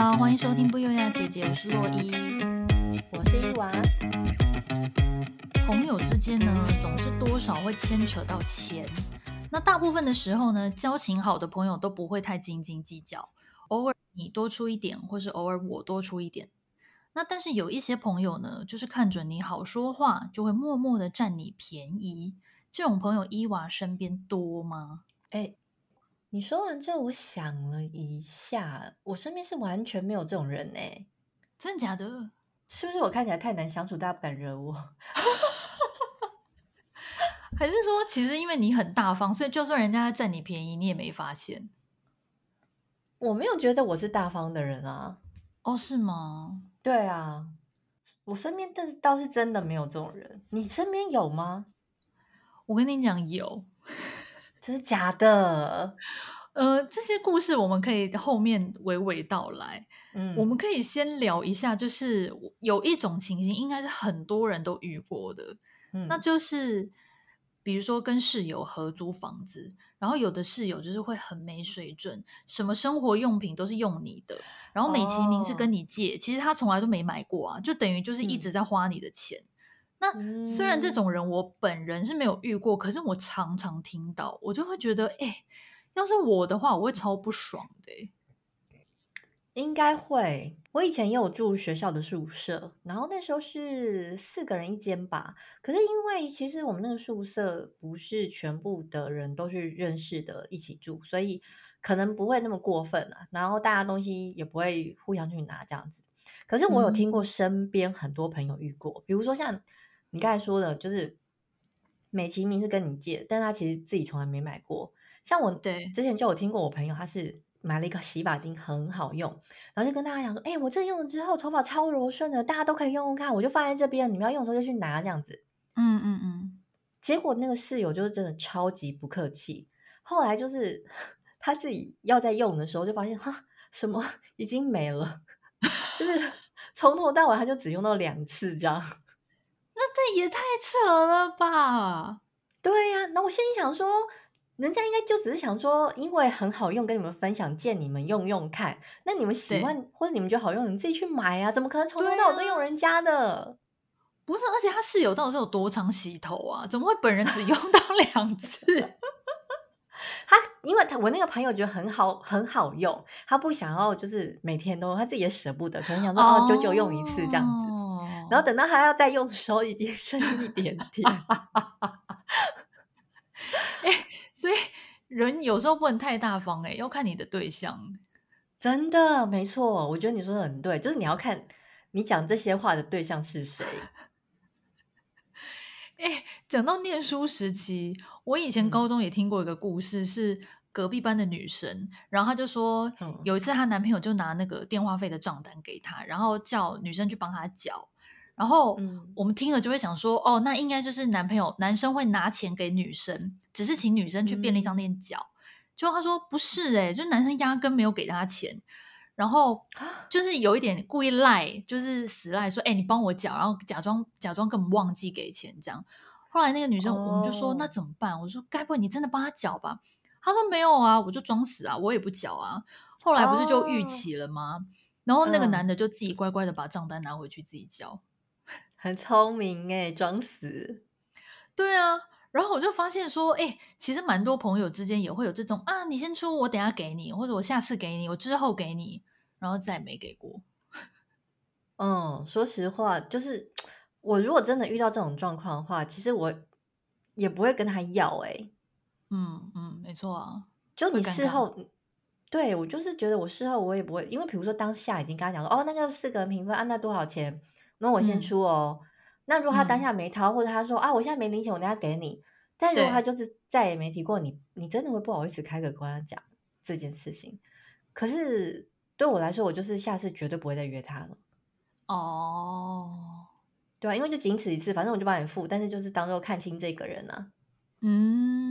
好，歡迎收聽不優雅姐姐，我是洛伊，我是伊娃。朋友之間呢，總是多少會牽扯到錢。那大部分的時候呢，交情好的朋友都不會太斤斤計較，偶爾你多出一點，或是偶爾我多出一點。那但是有一些朋友呢，就是看準你好說話，就會默默的占你便宜。這種朋友伊娃身邊多嗎？誒。你說完之後，我想了一下，我身邊是完全沒有這種人誒，欸，真的假的？是不是我看起來太難相處，大家不敢惹我？ 還是說，其實因為你很大方，所以就算人家佔你便宜，你也沒發現？我沒有覺得我是大方的人啊。哦，是嗎？對啊，我身邊倒是真的沒有這種人。你身邊有嗎？我跟你講，有。真的假的？呃，這些故事我們可以後面娓娓道來。嗯，我們可以先聊一下，就是有一種情形，應該是很多人都遇過的。嗯，那就是比如說跟室友合租房子，然後有的室友就是會很沒水準，嗯、什麼生活用品都是用你的，然後美其名是跟你借，哦、其實他從來都沒買過啊，就等於就是一直在花你的錢。嗯那雖然這種人我本人是沒有遇過，嗯、可是我常常聽到，我就會覺得，哎、欸，要是我的話，我會超不爽的、欸。應該會，我以前也有住學校的宿舍，然後那時候是四個人一間吧。可是因為其實我們那個宿舍不是全部的人都是認識的，一起住，所以可能不會那麼過分啊。然後大家東西也不會互相去拿這樣子。可是我有聽過身邊很多朋友遇過，嗯、比如說像。你剛才說的，就是美其名是跟你借，但他其實自己從來沒買過。像我對之前就有聽過我朋友，他是買了一個洗髮精，很好用，然後就跟大家講說：“哎、欸，我這用了之後，頭髮超柔順的，大家都可以用用看。”我就放在這邊，你們要用的時候就去拿這樣子。嗯嗯嗯。結果那個室友就是真的超級不客氣，後來就是他自己要再用的時候，就發現哈什麼已經沒了， 就是從頭到尾他就只用到兩次這樣。那這也太扯了吧！對呀、啊，那我心裡想說，人家應該就只是想說，因為很好用，跟你們分享，借你們用用看。那你們喜歡對或者你們覺得好用，你們自己去買啊！怎麼可能從頭到尾都用人家的？啊？不是，而且他室友到底是有多常洗頭啊？怎麼會本人只用到兩次？ 他因為他我那個朋友覺得很好，很好用，他不想要，就是每天都他自己也捨不得，可能想說、oh. 哦，久久用一次這樣子。然後等到他要再用的時候，已經剩一點點。哎、 欸，所以人有時候不能太大方、欸，哎，要看你的對象。真的，沒錯，我覺得你說的很對，就是你要看你講這些話的對象是誰。哎、欸，講到念書時期，我以前高中也聽過一個故事是。嗯隔壁班的女生，然後她就說，嗯、有一次她男朋友就拿那個電話費的賬單給她，然後叫女生去幫她繳。然後我們聽了就會想說，嗯、哦，那應該就是男朋友男生會拿錢給女生，只是請女生去便利商店繳。嗯、就她說不是、欸，哎，就男生壓根沒有給她錢，然後就是有一點故意賴，就是死賴說，哎、欸，你幫我繳，然後假裝假裝根本忘記給錢這樣。後來那個女生我們就說，哦、那怎麼辦？我說，該不會你真的幫他繳吧？他說沒有啊，我就裝死啊，我也不繳啊。後來不是就逾期了嗎？Oh. 然後那個男的就自己乖乖的把賬單拿回去自己交。嗯，很聰明哎，裝死。對啊，然後我就發現說，哎、欸，其實蠻多朋友之間也會有這種啊，你先出，我等下給你，或者我下次給你，我之後給你，然後再沒給過。嗯，說實話，就是我如果真的遇到這種狀況的話，其實我也不會跟他要哎。欸嗯，嗯嗯。沒錯啊，就你事後對我就是覺得我事後我也不會，因為比如說當下已經跟他講說，哦，那就四個人平分，按、啊、他多少錢，那我先出哦。嗯、那如果他當下沒掏，或者他說、嗯、啊，我現在沒零錢，我等下給你。但如果他就是再也沒提過你，對你真的會不好意思開口跟他講這件事情。可是對我來說，我就是下次絕對不會再約他了。哦，對啊，因為就僅此一次，反正我就幫你付，但是就是當作看清這個人啊，嗯。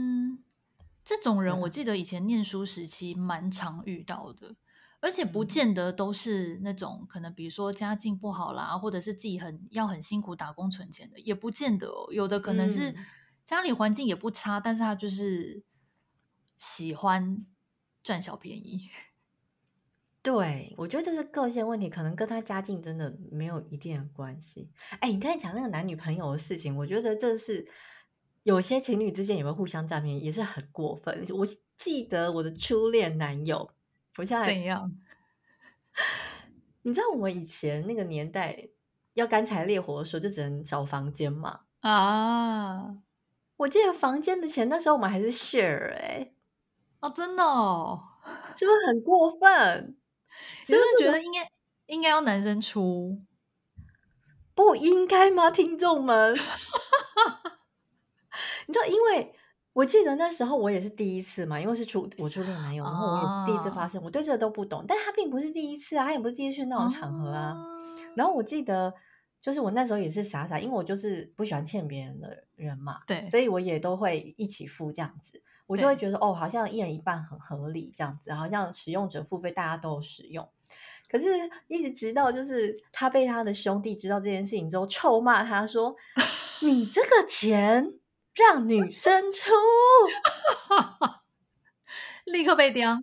這種人，我記得以前念書時期蠻常遇到的，嗯、而且不見得都是那種可能，比如說家境不好啦，或者是自己很要很辛苦打工存錢的，也不見得，哦、有的可能是家裡環境也不差，嗯、但是他就是喜歡佔小便宜，對，我覺得這是個性問題，可能跟他家境真的沒有一定的關係。哎，欸，你剛才講那個男女朋友的事情，我覺得這是。有些情侶之間也會互相佔便宜，也是很過分。我記得我的初戀男友，我現在怎樣？你知道我們以前那個年代要乾柴烈火的時候，就只能找房間嘛。啊！我記得房間的錢，那時候我們還是 share 哎、欸。哦，真的哦，是不是很過分？ 你是不是覺得應該 應該要男生出？不應該嗎，聽眾們？ 你知道，因為我記得那時候我也是第一次嘛，因為是初我初戀男友，然後我也第一次發生，哦、我對這個都不懂。但他並不是第一次啊，他也不是第一次那種場合啊。哦、然後我記得，就是我那時候也是傻傻，因為我就是不喜歡欠別人的人嘛，對，所以我也都會一起付這樣子。我就會覺得對哦，好像一人一半很合理這樣子，好像使用者付費大家都有使用。可是，一直直到就是他被他的兄弟知道這件事情之後，臭罵他說：“ 你這個錢。” 讓女生出，哈哈哈，立刻被叼。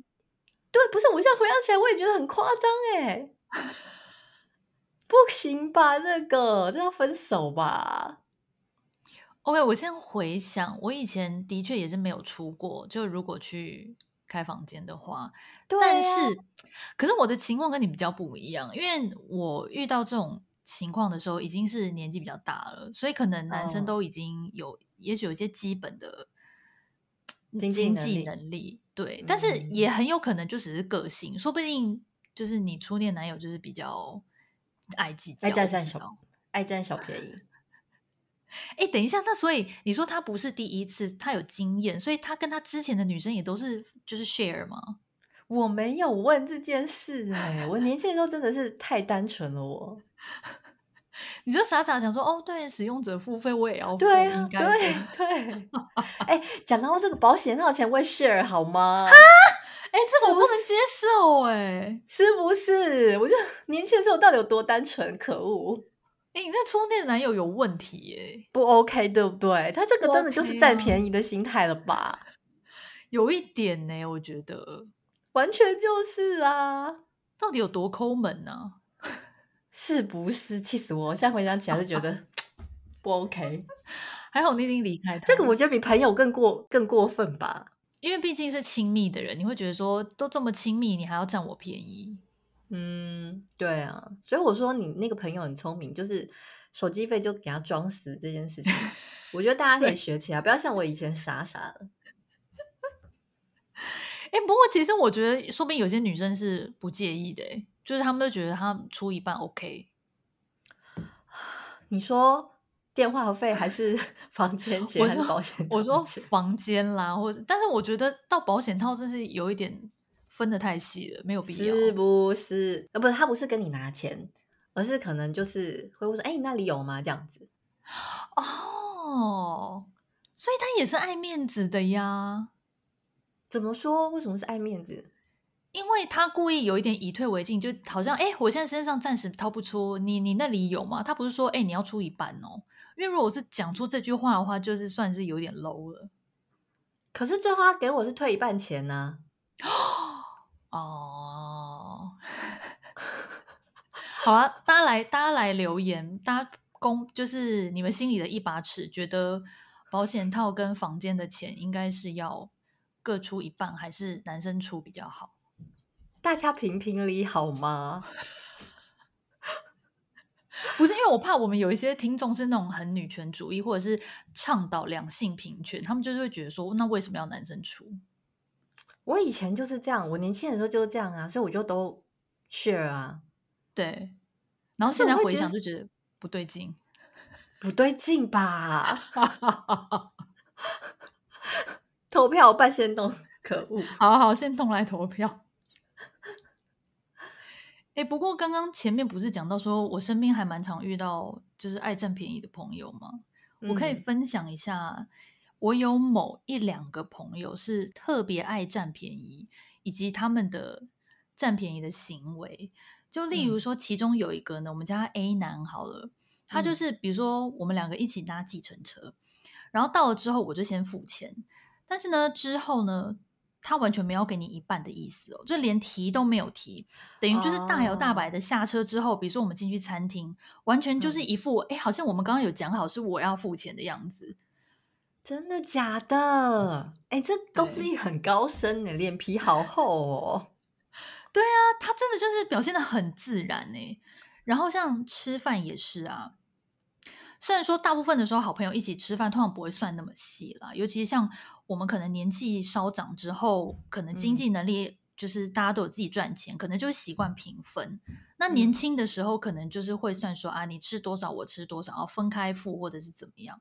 對，不是，我現在回想起來，我也覺得很誇張誒。 不行吧？那個，這要分手吧？OK，我先回想，我以前的確也是沒有出過。就如果去開房間的話，對啊，但是，可是我的情況跟你比較不一樣，因為我遇到這種情況的時候已經是年紀比較大了，所以可能男生都已經有、嗯。也許有一些基本的經濟能力，能力對，但是也很有可能就只是個性，嗯、哼說不定就是你初戀男友就是比較愛計較，愛占小，較愛占小便宜。哎、欸，等一下，那所以你說他不是第一次，他有經驗，所以他跟他之前的女生也都是就是 share 嗎？我沒有問這件事、欸， 我年輕的時候真的是太單純了，我。你就傻傻想說哦，對，使用者付費我也要付，對對、啊、對，哎，講、 欸、到這個保險，那要錢我 share 好嗎？哈，哎、欸，這個、我不能接受、欸，哎，是不是？我就年輕時候到底有多單純，可惡！哎、欸，你那初戀男友有問題、欸，哎，不 OK，對不對？他這個真的就是占便宜的心態了吧、不 OK 啊？有一點呢、欸，我覺得完全就是啊，到底有多摳門呢？是不是氣死我？現在回想起來就覺得不 OK。 還好你已經離開他。這個我覺得比朋友更過更過分吧，因為畢竟是親密的人，你會覺得說都這麼親密，你還要佔我便宜？嗯，對啊。所以我說你那個朋友很聰明，就是手機費就給他裝死這件事情， 我覺得大家可以學起來，對不要像我以前傻傻的。哎、 欸，不過其實我覺得，說不定有些女生是不介意的、欸，就是他們都覺得他出一半 OK，你說電話費、還是房間錢還是保險？ 我說房間啦，或者但是我覺得到保險套真是有一點分得太細了，沒有必要是不是？呃，不是他不是跟你拿錢，而是可能就是會說哎、欸，你那裡有嗎？這樣子哦，所以他也是愛面子的呀？怎麼說？為什麼是愛面子？因為他故意有一點以退為進，就好像哎、欸，我現在身上暫時掏不出，你你那裡有嗎？他不是說哎、欸，你要出一半哦？因為如果是講出這句話的話，就是算是有點 low 了。可是最後他給我是退一半錢呢、啊？哦，好啊，大家來，大家來留言，大家公就是你們心裡的一把尺，覺得保險套跟房間的錢應該是要各出一半，還是男生出比較好？大家評評理好嗎？ 不是因為我怕我們有一些聽眾是那種很女權主義，或者是倡導兩性平權，他們就是會覺得說，那為什麼要男生出？我以前就是這樣，我年輕的時候就是這樣啊，所以我就都 share 啊，對。然後現在回想，就覺得不對勁，不對勁吧？ 投票半先動，可惡！好好，先動來投票。哎、欸，不過剛剛前面不是講到說，我身邊還蠻常遇到就是愛佔便宜的朋友嗎？嗯、我可以分享一下，我有某一兩個朋友是特別愛佔便宜，以及他們的佔便宜的行為。就例如說，其中有一個呢，嗯、我們叫他 A 男好了，他就是比如說我們兩個一起搭計程車，然後到了之後我就先付錢，但是呢之後呢。他完全沒有給你一半的意思哦、喔，就連提都沒有提，等於就是大搖大擺的下車之後，啊、比如說我們進去餐廳，完全就是一副哎、嗯欸，好像我們剛剛有講好是我要付錢的樣子，真的假的？哎、嗯欸，這功力很高深，你臉對皮好厚哦、喔。對啊，他真的就是表現得很自然哎。然後像吃飯也是啊，雖然說大部分的時候好朋友一起吃飯通常不會算那麼細啦，尤其像。我們可能年紀稍長之後，可能經濟能力就是大家都有自己賺錢，嗯、可能就會習慣平分。嗯、那年輕的時候，可能就是會算說、嗯、啊，你吃多少我吃多少，要分開付或者是怎麼樣。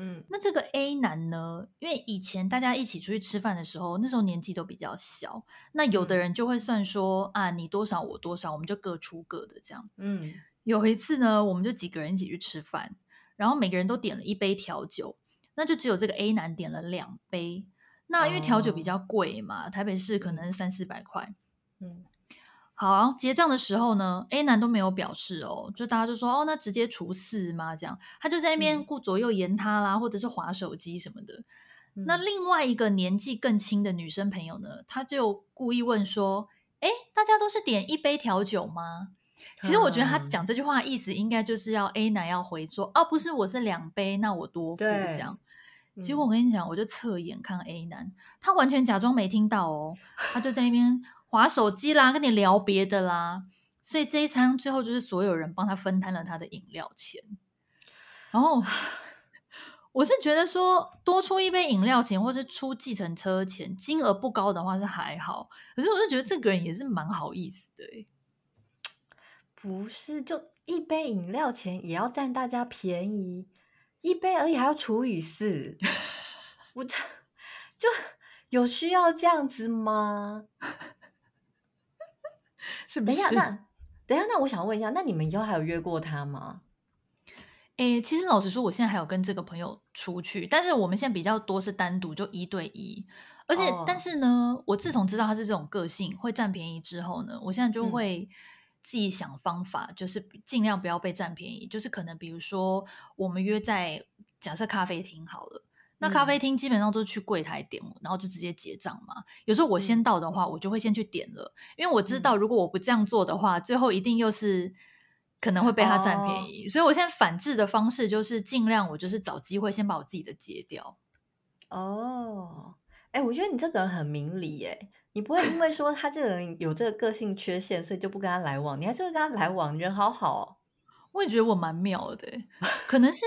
嗯，那這個 A 男呢，因為以前大家一起出去吃飯的時候，那時候年紀都比較小，那有的人就會算說、嗯、啊，你多少我多少，我們就各出各的這樣。嗯，有一次呢，我們就幾個人一起去吃飯，然後每個人都點了一杯調酒。那就只有這個 A 男點了兩杯，那因為調酒比較貴嘛，uh, 台北市可能是三四百塊。嗯，好，結賬的時候呢，A 男都沒有表示哦，就大家就說哦，那直接除四嘛這樣，他就在那邊顧左右言他啦，嗯、或者是滑手機什麼的。嗯、那另外一個年紀更輕的女生朋友呢，她就故意問說：“哎，大家都是點一杯調酒嗎？”其實我覺得她講這句話的意思應該就是要 A 男要回說：“嗯、哦，不是，我是兩杯，那我多付這樣。”結果我跟你講，我就側眼看 A 男，他完全假裝沒聽到哦，他就在那邊滑手機啦， 跟你聊別的啦。所以這一餐最後就是所有人幫他分攤了他的飲料錢。然後我是覺得說，多出一杯飲料錢或是出計程車錢，金額不高的話是還好。可是我就覺得這個人也是蠻好意思的，欸，不是？就一杯飲料錢也要占大家便宜。一杯而已，還要除以四， 我就有需要這樣子嗎？是不是？等一下，那等一下，那我想問一下，那你們以後還有約過他嗎？誒、欸，其實老實說，我現在還有跟這個朋友出去，但是我們現在比較多是單獨就一對一，而且、oh. 但是呢，我自從知道他是這種個性，會佔便宜之後呢，我現在就會、嗯。自己想方法，就是盡量不要被佔便宜。就是可能比如說，我們約在假設咖啡廳好了，嗯、那咖啡廳基本上都是去櫃檯點，然後就直接結賬嘛。有時候我先到的話，嗯、我就會先去點了，因為我知道如果我不這樣做的話，嗯、最後一定又是可能會被他佔便宜。哦、所以我現在反制的方式就是盡量，我就是找機會先把我自己的結掉。哦，哎、欸，我覺得你這個人很明理、欸，哎。你不會因為說他這個人有這個個性缺陷， 所以就不跟他來往，你還是會跟他來往，人好好哦。我也覺得我蠻妙的， 可能是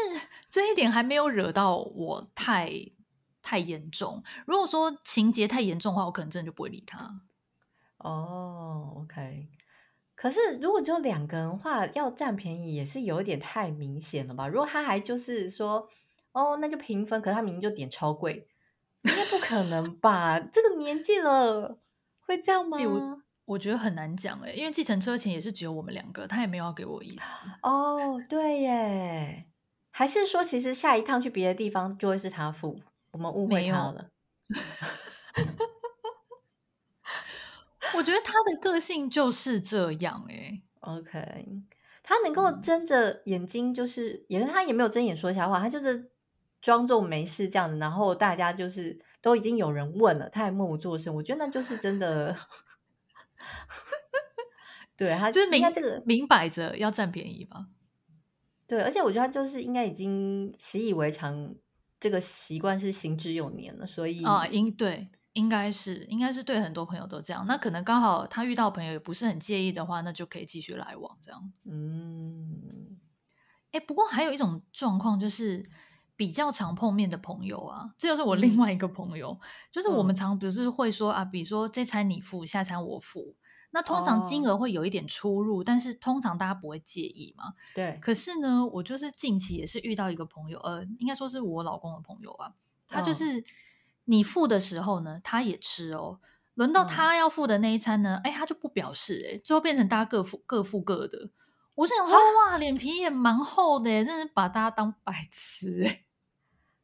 這一點還沒有惹到我太太嚴重。如果說情節太嚴重的話，我可能真的就不會理他。哦，OK。可是如果只有兩個人話，要佔便宜也是有點太明顯了吧？如果他還就是說，哦，那就平分，可是他明明就點超貴。 應該不可能吧？這個年紀了，會這樣嗎？欸、我，我覺得很難講誒、欸、因為計程車錢也是只有我們兩個，他也沒有要給我意思哦。對耶，還是說其實下一趟去別的地方就會是他付？我們誤會他了。我覺得他的個性就是這樣誒、欸、OK，他能夠睜着眼睛，就是、嗯、也是他也沒有睜眼說瞎話，他就是。裝作沒事這樣子，然後大家就是都已經有人問了，他還默不作聲。我覺得那就是真的， 對，他就是這個明、明擺着要佔便宜吧？對，而且我覺得他就是應該已經習以為常，這個習慣是行之有年了。所以啊，應對應該是應該是對很多朋友都這樣。那可能剛好他遇到朋友也不是很介意的話，那就可以繼續來往這樣。嗯，誒，不過還有一種狀況就是。比較常碰面的朋友啊，這又是我另外一個朋友，嗯、就是我們常不是會說啊，比如說這餐你付，下餐我付，那通常金額會有一點出入，哦、但是通常大家不會介意嘛。對。可是呢，我就是近期也是遇到一個朋友，呃，應該說是我老公的朋友啊，他就是你付的時候呢，他也吃哦，輪到他要付的那一餐呢，嗯、哎，他就不表示哎，最後變成大家各付各付各的。我是想說蛤哇，臉皮也蠻厚的耶，真是把大家當白痴哎。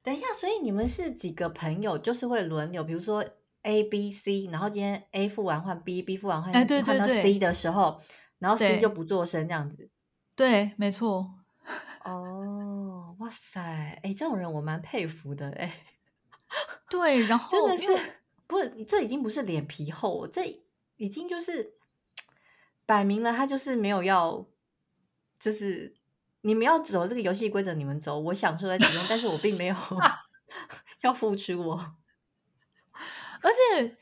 等一下，所以你們是幾個朋友，就是會輪流，比如說 A、B、C，然後今天 A 付完換 B，B 付完換，對，對，對，對，換到 C 的時候，然後 C 就不做聲這樣子，對，對，沒錯。哦，oh, 哇塞，哎、欸，這種人我蠻佩服的、欸，哎，對，然後真的是為不是這已經不是臉皮厚、哦，這已經就是擺明了他就是沒有要，就是。你們要走這個遊戲規則，你們走，我享受在其中，但是我並沒有、 啊、 要付出。我，而且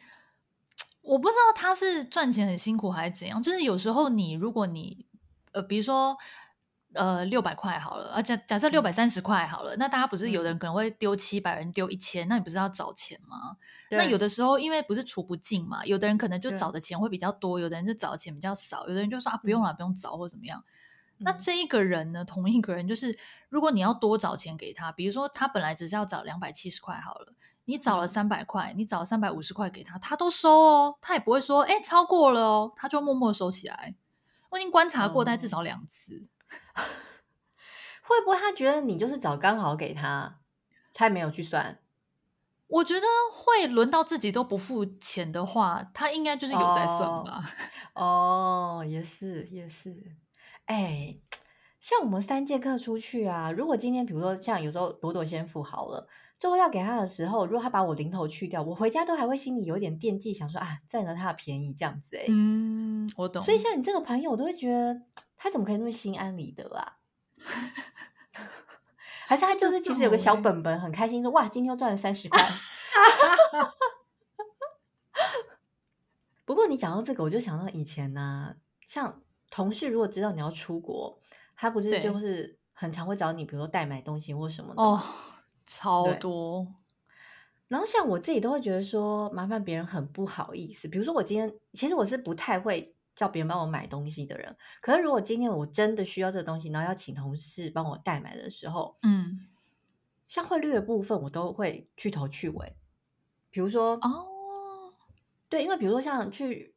我不知道他是賺錢很辛苦還是怎樣。就是有時候你如果你呃，比如說呃六百塊好了，而、啊、假，假設六百三十塊好了，嗯、那大家不是有的人可能會丟七百，人丟一千、嗯，那你不是要找錢嗎？對那有的時候因為不是除不盡嘛，有的人可能就找的錢會比較多，對有的人就找的錢比較少，有的人就說啊不用了，嗯、不用找或者怎麼樣。那這一個人呢？嗯、同一個人就是，如果你要多找錢給他，比如說他本來只是要找兩百七十塊好了，你找了三百塊，你找三百五十塊給他，他都收哦，他也不會說誒、欸、超過了哦，他就默默收起來。我已經觀察過，大概至少兩次、哦，會不會他覺得你就是找剛好給他，他也沒有去算？我覺得會輪到自己都不付錢的話，他應該就是有在算吧哦？哦，也是，也是。哎、欸，像我們三節課出去啊，如果今天比如說像有時候朵朵先付好了，最後要給他的時候，如果他把我零頭去掉，我回家都還會心裡有點惦記，想說啊，佔了他的便宜這樣子。哎、欸，嗯，我懂。所以像你這個朋友，我都會覺得他怎麼可以那麼心安理得啊？ 還是他就是其實有個小本本，很開心說哇，今天又賺了三十塊。不過你講到這個，我就想到以前呢、啊，像。同事如果知道你要出國，他不是就是很常會找你，比如說代買東西或什麼的哦，超多。然後像我自己都會覺得說麻煩別人很不好意思。比如說我今天其實我是不太會叫別人幫我買東西的人，可是如果今天我真的需要這個東西，然後要請同事幫我代買的時候，嗯，像匯率的部分我都會去頭去尾，比如說哦，對，因為比如說像去。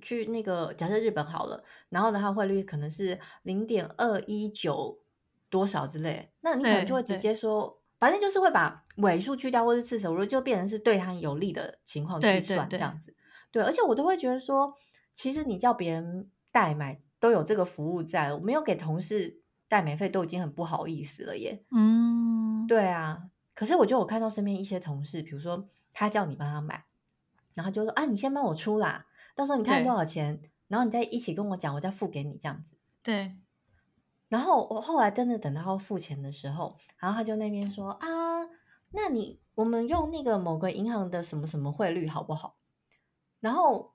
去那個假設日本好了，然後呢，它匯率可能是零點二一九多少之類，那你可能就會直接說，對對，反正就是會把尾數去掉，或是四捨五入，就變成是對他有利的情況去算，對對對，這樣子。對，而且我都會覺得說，其實你叫別人代買都有這個服務在，我沒有給同事代買費都已經很不好意思了耶。嗯，對啊，可是我覺得我看到身邊一些同事，比如說他叫你幫他買，然後就說啊，你先幫我出啦。到時候你看多少錢，對然後你再一起跟我講，我再付給你這樣子。對。然後我後來真的等到他要付錢的時候，然後他就那邊說啊，那你我們用那個某個銀行的什麼什麼匯率好不好？然後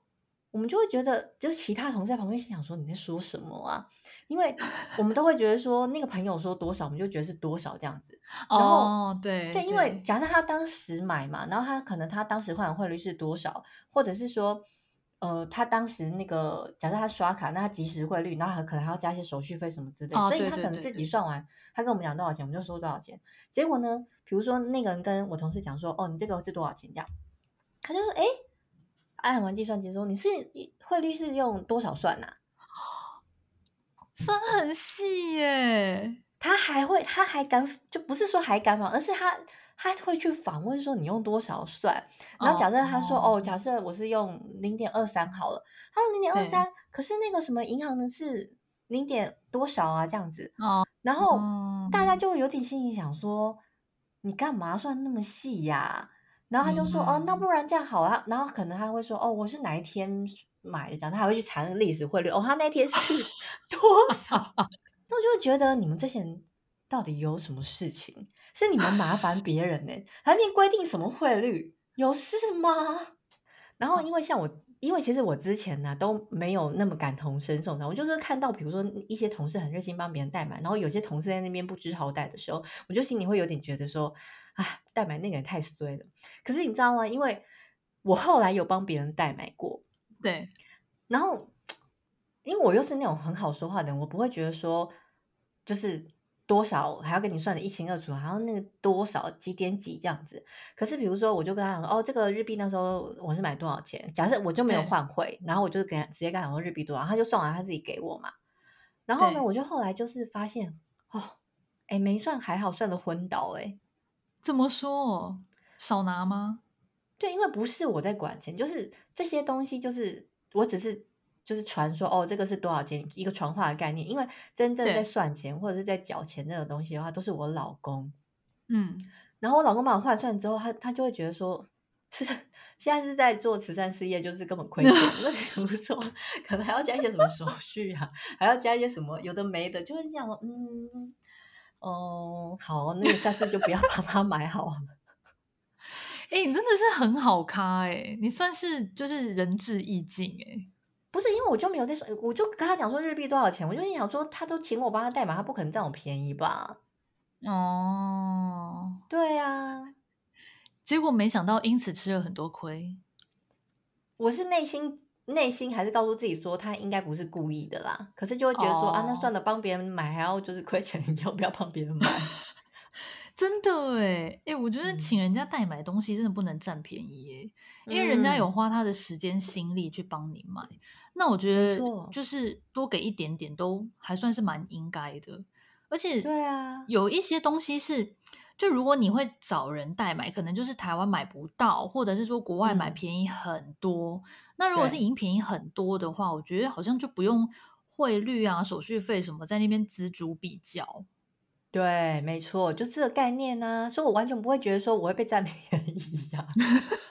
我們就會覺得，就其他同事在旁邊是想說你在說什麼啊？因為我們都會覺得說 那個朋友說多少，我們就覺得是多少這樣子。哦，oh, 對對，因為假設他當時買嘛，對然後他可能他當時換匯率是多少，或者是說。呃，他當時那個，假設他刷卡，那他即時匯率，然後可能還要加一些手續費什麼之類，所以他可能自己算完，他跟我們講多少錢，我們就收多少錢。結果呢，比如說那個人跟我同事講說，哦，你這個是多少錢這樣。他就說，哎，按完計算機說，你是匯率是用多少算吶、啊？算很細耶、欸，他還會，他還敢就不是說還敢放，而是他。他會去訪問說，你用多少算？哦、然後假設他說哦，哦，假設我是用零點二三好了。他說零點二三，23, 對可是那個什麼銀行的是零點多少啊？這樣子哦，然後大家就會有點心裡想說，嗯、你幹嘛算那麼細呀、啊？然後他就說、嗯、哦，那不然這樣好啊。然後可能他會說哦，我是哪一天買的？然後他還會去查那個歷史匯率哦，他那天是多少？那我 就會覺得你們這些人到底有什麼事情？是你們麻煩別人呢、欸？還沒規定什麼匯率，有事嗎？ 然後，因為像我，因為其實我之前呢、啊、都沒有那麼感同身受的。我就是看到，比如說一些同事很熱心幫別人代買，然後有些同事在那邊不知好歹的時候，我就心裡會有點覺得說，啊，代買那個人太衰了。可是你知道嗎？因為我後來有幫別人代買過，對。然後，因為我又是那種很好說話的人，我不會覺得說，就是。多少還要跟你算的一清二楚，然後那個多少幾點幾這樣子。可是比如說，我就跟他講說，哦，這個日幣那時候我是買多少錢？假設我就沒有換匯，對然後我就給他直接跟他講說日幣多少，他就算完他自己給我嘛。然後呢，對我就後來就是發現，哦，哎、欸，沒算還好，算的昏倒哎、欸。怎麼說？少拿嗎？對，因為不是我在管錢，就是這些東西，就是我只是。就是傳說哦，這個是多少錢一個傳話的概念，因為真正在算錢或者是在繳錢那種東西的話，對都是我老公。嗯，然後我老公把我換算之後，他他就會覺得說是現在是在做慈善事業，就是根本虧錢。 那比如說，可能還要加一些什麼手續啊， 還要加一些什麼有的沒的，就是這樣嗯，哦、嗯，好，那你、個、下次就不要把它買好了。哎、 欸，你真的是很好咖誒、欸、你算是就是仁至義盡誒不是，因為我就沒有在說，我就跟他講說日幣多少錢，我就心想說他都請我幫他代買，他不可能佔我便宜吧？哦，對啊，結果沒想到因此吃了很多虧。我是內心內心還是告訴自己說他應該不是故意的啦，可是就會覺得說、哦、啊那算了，幫別人買還要就是虧錢，你要不要幫別人買？ 真的哎、哎、欸，我覺得請人家代買東西真的不能佔便宜哎，嗯、因為人家有花他的時間心力去幫你買。那我覺得就是多給一點點都還算是蠻應該的，而且對啊，有一些東西是就如果你會找人代買，可能就是台灣買不到，或者是說國外買便宜很多。嗯、那如果是已便宜很多的話，對我覺得好像就不用匯率啊、手續費什麼在那邊錙銖必較。對，沒錯，就這個概念呢、啊，所以我完全不會覺得說我會被佔便宜呀、啊。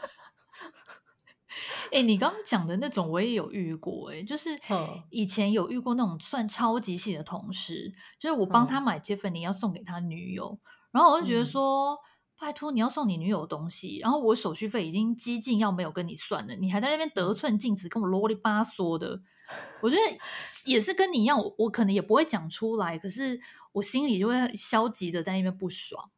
哎，欸、你剛剛講的那種我也有遇過、欸，誒就是以前有遇過那種算超級細的同事，就是我幫他買 Tiffany 要送給他女友，然後我就覺得說，拜託你要送你女友東西，然後我手續費已經幾近要沒有跟你算了，你還在那邊得寸進尺跟我囉里八嗦的，我覺得也是跟你一樣，我我可能也不會講出來，可是我心裡就會消極的在那邊不爽，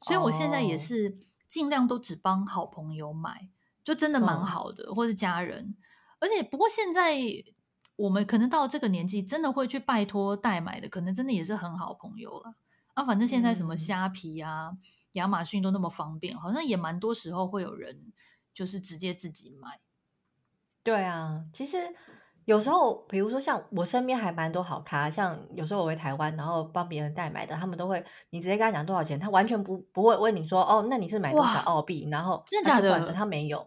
所以我現在也是盡量都只幫好朋友買。就真的蠻好的，嗯、或是家人，而且不過現在我們可能到這個年紀，真的會去拜托代買的，可能真的也是很好朋友了。啊，反正現在什麼蝦皮啊、嗯、亞馬遜都那麼方便，好像也蠻多時候會有人就是直接自己買。對啊，其實有時候，比如說像我身邊還蠻多好咖，像有時候我回台灣，然後幫別人代買的，他們都會你直接跟他講多少錢，他完全不不會問你說哦，那你是買多少澳幣？哇然後真的假的？他沒有。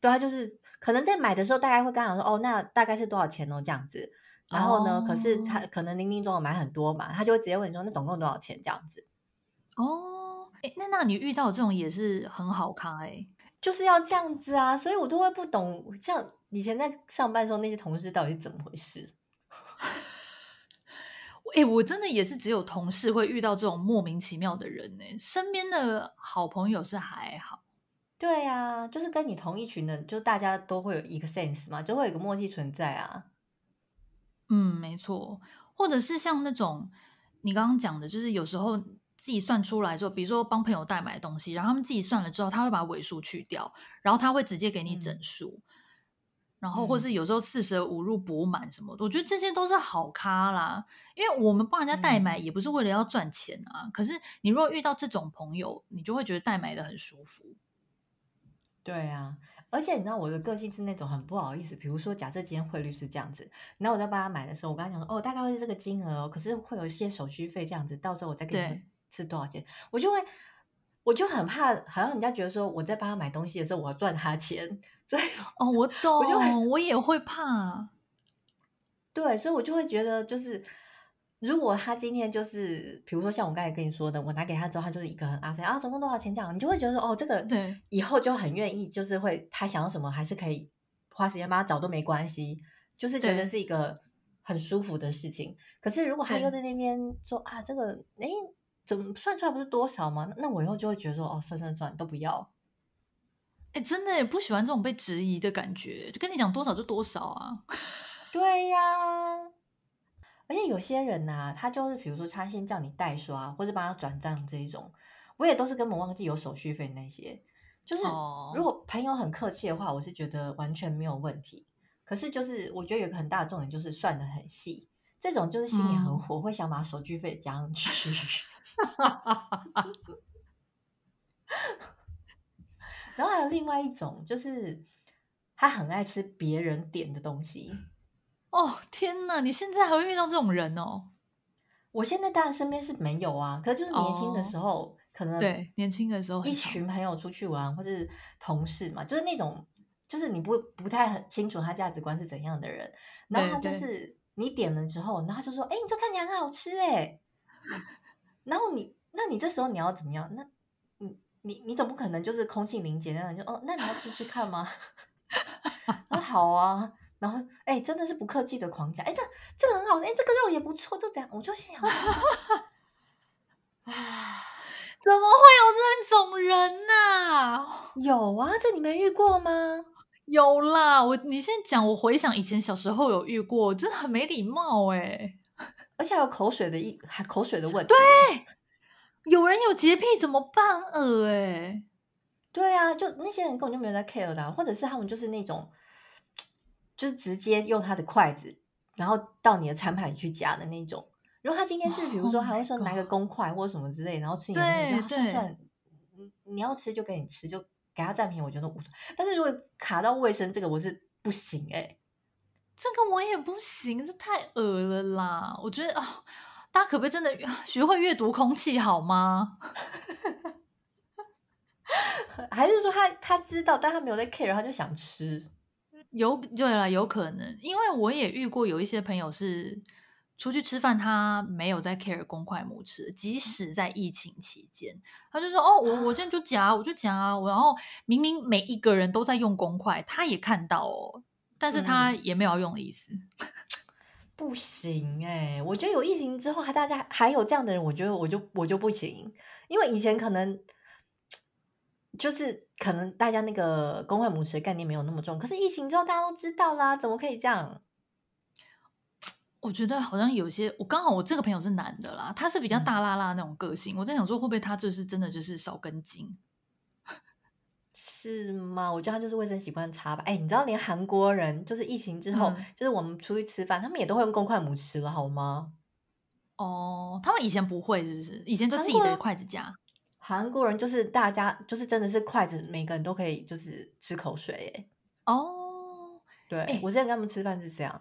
對，他就是可能在買的時候，大概會剛好說哦，那大概是多少錢哦這樣子，然後呢，oh. 可是他可能零零總總買很多嘛，他就會直接問你說那總共多少錢這樣子。哦、oh.，那那你遇到這種也是很好開，就是要這樣子啊，所以我都會不懂，像以前在上班的時候那些同事到底是怎麼回事。 誒我真的也是只有同事會遇到這種莫名其妙的人哎，身邊的好朋友是還好。對呀、啊，就是跟你同一群的，就大家都會有一個 sense 嘛，就會有一個默契存在啊。嗯，沒錯。或者是像那種你剛剛講的，就是有時候自己算出來之後，比如說幫朋友代買東西，然後他們自己算了之後，他會把尾數去掉，然後他會直接給你整數。嗯、然後，或是有時候四捨五入補滿什麼的，我覺得這些都是好咖啦。因為我們幫人家代買，也不是為了要賺錢啊。嗯、可是，你如果遇到這種朋友，你就會覺得代買的很舒服。對啊，而且你知道我的個性是那種很不好意思，比如說，假設今天匯率是這樣子，然後我在幫他買的時候，我跟他講說：“哦，大概會是這個金額，可是會有一些手續費這樣子，到時候我再給你是多少錢。對”我就會，我就很怕，好像人家覺得說我在幫他買東西的時候，我要賺他錢，所以哦，我懂，我就我也會怕。對，所以我就會覺得就是。如果他今天就是，比如說像我剛才跟你說的，我拿給他之後，他就是一個很啊塞啊，總共多少錢這樣，你就會覺得說哦，這個對，以後就很願意，就是會他想要什麼還是可以花時間幫他找都沒關係，就是覺得是一個很舒服的事情。對可是如果他又在那邊說對啊，這個誒、欸、怎麼算出來不是多少嗎？那我以後就會覺得說哦，算算算都不要，誒、欸、真的也不喜歡這種被質疑的感覺，就跟你講多少就多少啊， 對呀、啊。而且有些人吶、啊，他就是比如說，他先叫你代刷或者幫他轉賬這一種，我也都是根本忘記有手續費那些。就是，如果朋友很客氣的話，我是覺得完全沒有問題。可是就是，我覺得有一個很大的重點就是算得很細，這種就是心裡很火，嗯、會想把手續費加上去。 然後還有另外一種，就是他很愛吃別人點的東西。哦天吶，你現在還會遇到這種人哦？我現在當然身邊是沒有啊，可是就是年輕的時候，oh, 可能對年輕的時候，一群朋友出去玩，或者是同事嘛，就是那種，就是你不不太很清楚他價值觀是怎樣的人，然後他就是對對你點了之後，然後他就說：“哎、欸，你這看起來很好吃哎。 ”然後你，那你這時候你要怎麼樣？那你，你你你總不可能就是空氣凝結那樣就哦，那你要吃吃看嗎？”那 好啊。 然後，哎、欸，真的是不客氣的狂講，哎、欸，這這個很好，哎、欸，這個肉也不錯，這怎樣？我就想，啊 唉，怎麼會有這種人吶、啊？有啊，這你沒遇過嗎？有啦，我你現在講，我回想以前小時候有遇過，真的很沒禮貌、欸，哎，而且還有口水的一，還口水的問題，對，有人有潔癖怎麼辦呃、欸？呃，對啊，就那些人根本就沒有在 care 的、啊，或者是他們就是那種。就是直接用他的筷子，然後到你的餐盤去夾的那種。然後他今天是，哇比如說，還會說拿個公筷或者什麼之類，然後吃你的，對算不算，對你要吃就給你吃，就給他佔便宜。我覺得無所謂。但是如果卡到衛生這個，我是不行誒。欸，這個我也不行，這太噁了啦！我覺得哦，大家可不可以真的學會閱讀空氣好嗎？ 還是說他他知道，但他沒有在 care，他就想吃。有對了，有可能，因為我也遇過有一些朋友是出去吃飯，他沒有在 care 公筷母匙，即使在疫情期間，他就說：“哦，我我現在就夾，我就夾啊。”然後明明每一個人都在用公筷，他也看到哦，但是他也沒有要用的意思。嗯、不行誒、欸、我覺得有疫情之後還大家還有這樣的人，我覺得我就我就不行，因為以前可能。就是可能大家那個公筷母匙的概念沒有那麼重，可是疫情之後大家都知道啦，怎麼可以這樣？我覺得好像有些，我剛好我這個朋友是男的啦，他是比較大剌剌那種個性，嗯、我在想說會不會他就是真的就是少根筋？是嗎？我覺得他就是衛生習慣差吧。哎，你知道連韓國人就是疫情之後，嗯、就是我們出去吃飯，他們也都會用公筷母匙了，好嗎？哦，他們以前不會，是不是？以前就自己的筷子夾。韓國人就是大家就是真的是筷子，每個人都可以就是吃口水耶。哦，對，我之前跟他們吃飯是這樣。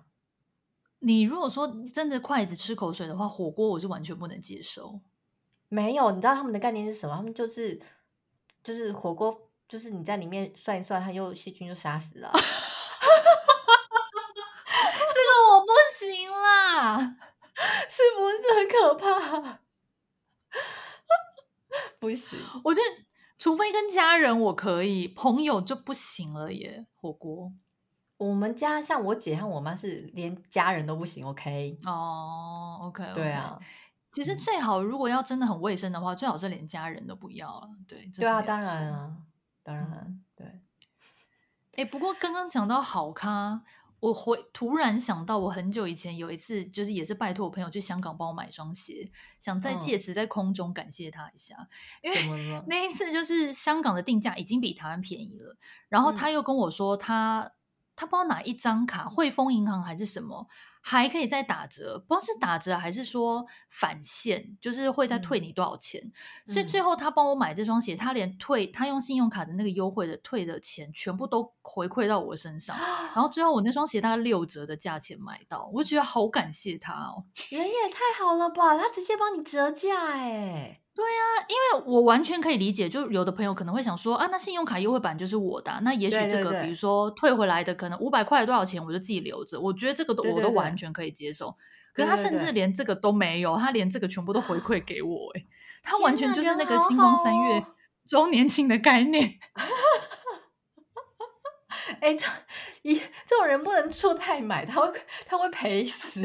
你如果說真的筷子吃口水的話，火鍋我是完全不能接受。沒有，你知道他們的概念是什麼？他們就是就是火鍋，就是你在裡面涮一涮，它又細菌就殺死了。 這個我不行啦， 是不是很可怕？不行，我覺得除非跟家人我可以，朋友就不行了耶。火鍋，我們家像我姐和我媽是連家人都不行。OK，哦、oh，OK、okay，對啊。其實最好如果要真的很衛生的話，嗯，最好是連家人都不要啊。對，對啊，當然啊，當然，嗯，對。誒，不過剛剛講到好咖。我回突然想到，我很久以前有一次，就是也是拜託我朋友去香港幫我買一雙鞋，想再借此在空中感謝他一下，嗯、因為那一次就是香港的定價已經比台灣便宜了，然後他又跟我說他、嗯、他不知道哪一張卡，匯豐銀行還是什麼。還可以再打折，不知道是打折，還是說返現，就是會再退你多少錢。嗯、所以最後他幫我買這雙鞋，嗯、他連退他用信用卡的那個優惠的退的錢，全部都回饋到我身上。啊、然後最後我那雙鞋大概六折的價錢買到，我覺得好感謝他哦，人也太好了吧，他直接幫你折價哎、欸。對呀、啊，因為我完全可以理解，就有的朋友可能會想說啊，那信用卡優惠本來就是我的、啊，那也許這個對對對比如說退回來的可能五百塊多少錢，我就自己留着，我覺得這個都我都完全可以接受。對對對，可是他甚至連這個都沒有，對對對，他連這個全部都回饋給我、欸，對對對，他完全就是那個“新光三越周年慶”的概念。哎，這一、哦。 欸、這種人不能做代買，他會他會賠死。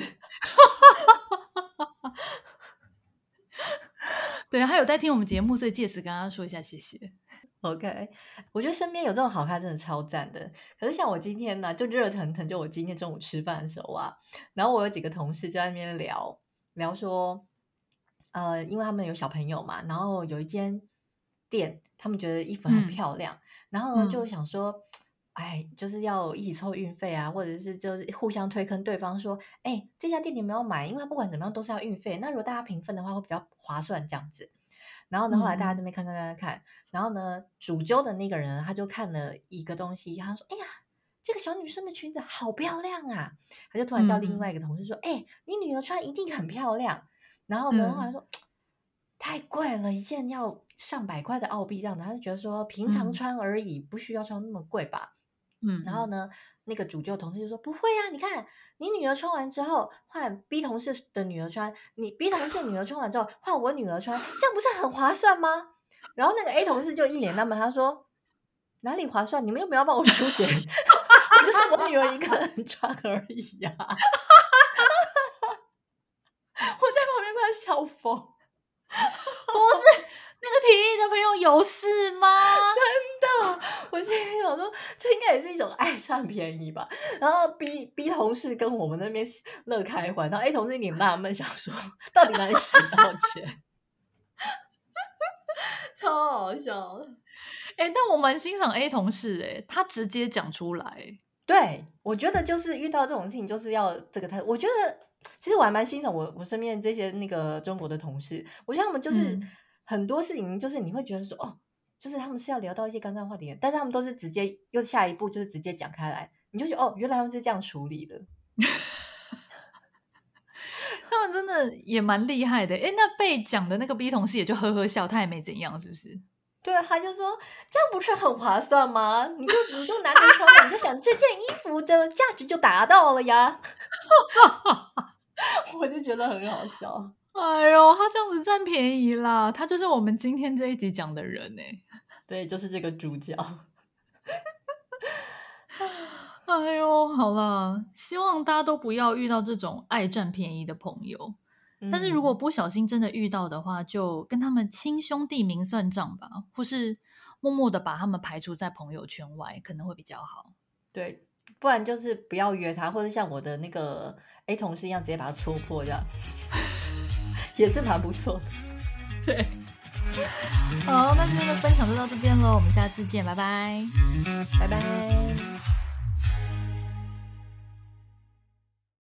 對、啊，他有在聽我們節目，所以借此跟他說一下，謝謝。OK，我覺得身邊有這種好看真的超讚的。可是像我今天呢，就熱騰騰，就我今天中午吃飯的時候啊，然後我有幾個同事就在那邊聊聊說，呃，因為他們有小朋友嘛，然後有一間店，他們覺得衣服很漂亮，嗯、然後呢就想說。嗯哎，就是要一起湊運費啊，或者是就是互相推坑對方說，哎、欸，這家店你沒有買，因為它不管怎麼樣都是要運費。那如果大家平分的話會比較划算這樣子。然後呢，嗯、後來大家都沒看，看，看，看。然後呢，主揪的那個人他就看了一個東西，他說，哎呀，這個小女生的裙子好漂亮啊。他就突然叫另外一個同事說，哎、嗯欸，你女兒穿一定很漂亮。然後我們、嗯、後來說，太貴了，一件要上百塊的澳幣這樣的，他就覺得說平常穿而已，嗯、不需要穿那麼貴吧。嗯，然後呢，那個主教同事就說：“不會啊，你看你女兒穿完之後換 B 同事的女兒穿，你 B 同事女兒穿完之後換我女兒穿，這樣不是很划算嗎？”然後那個 A 同事就一臉納悶，他說：“哪裡划算？你們又不要幫我出錢， 就是我女兒一個人穿而已呀。” 我在旁邊快要笑瘋。不 是，那個體力的朋友有事嗎？我心想說，這應該也是一種愛佔便宜吧。然後 B B 同事跟我們那邊樂開懷，然後 A 同事一臉納悶，想說 到底哪裡洗到錢， 超好笑。哎、欸，但我蠻欣賞 A 同事，欸，哎，他直接講出來。對，我覺得就是遇到這種事情，就是要這個態度。我覺得其實我還蠻欣賞我我身邊這些那個中國的同事，我覺得他們就是、嗯、很多事情，就是你會覺得說哦。就是他們是要聊到一些尷尬話題，但是他們都是直接又下一步就是直接講開來，你就覺得哦，原來他們是這樣處理的。 他們真的也蠻厲害的。誒，那被講的那個 B 同事也就呵呵笑，他也沒怎樣，是不是？對，他就說這樣不是很划算嗎？你就你就拿著穿嘛， 你就想這件衣服的價值就達到了呀。 我就覺得很好笑。哎呦，他這樣子佔便宜啦！他就是我們今天這一集講的人呢、欸。對，就是這個主角。 哎呦，好啦，希望大家都不要遇到這種愛佔便宜的朋友。嗯、但是如果不小心真的遇到的話，就跟他們親兄弟明算賬吧，或是默默的把他們排除在朋友圈外，可能會比較好。對，不然就是不要約他，或者像我的那個 A 同事一樣，直接把他戳破這樣。 也是蠻不錯的，對。 好，那今天的分享就到這邊嘍，我們下次見，拜拜，拜拜。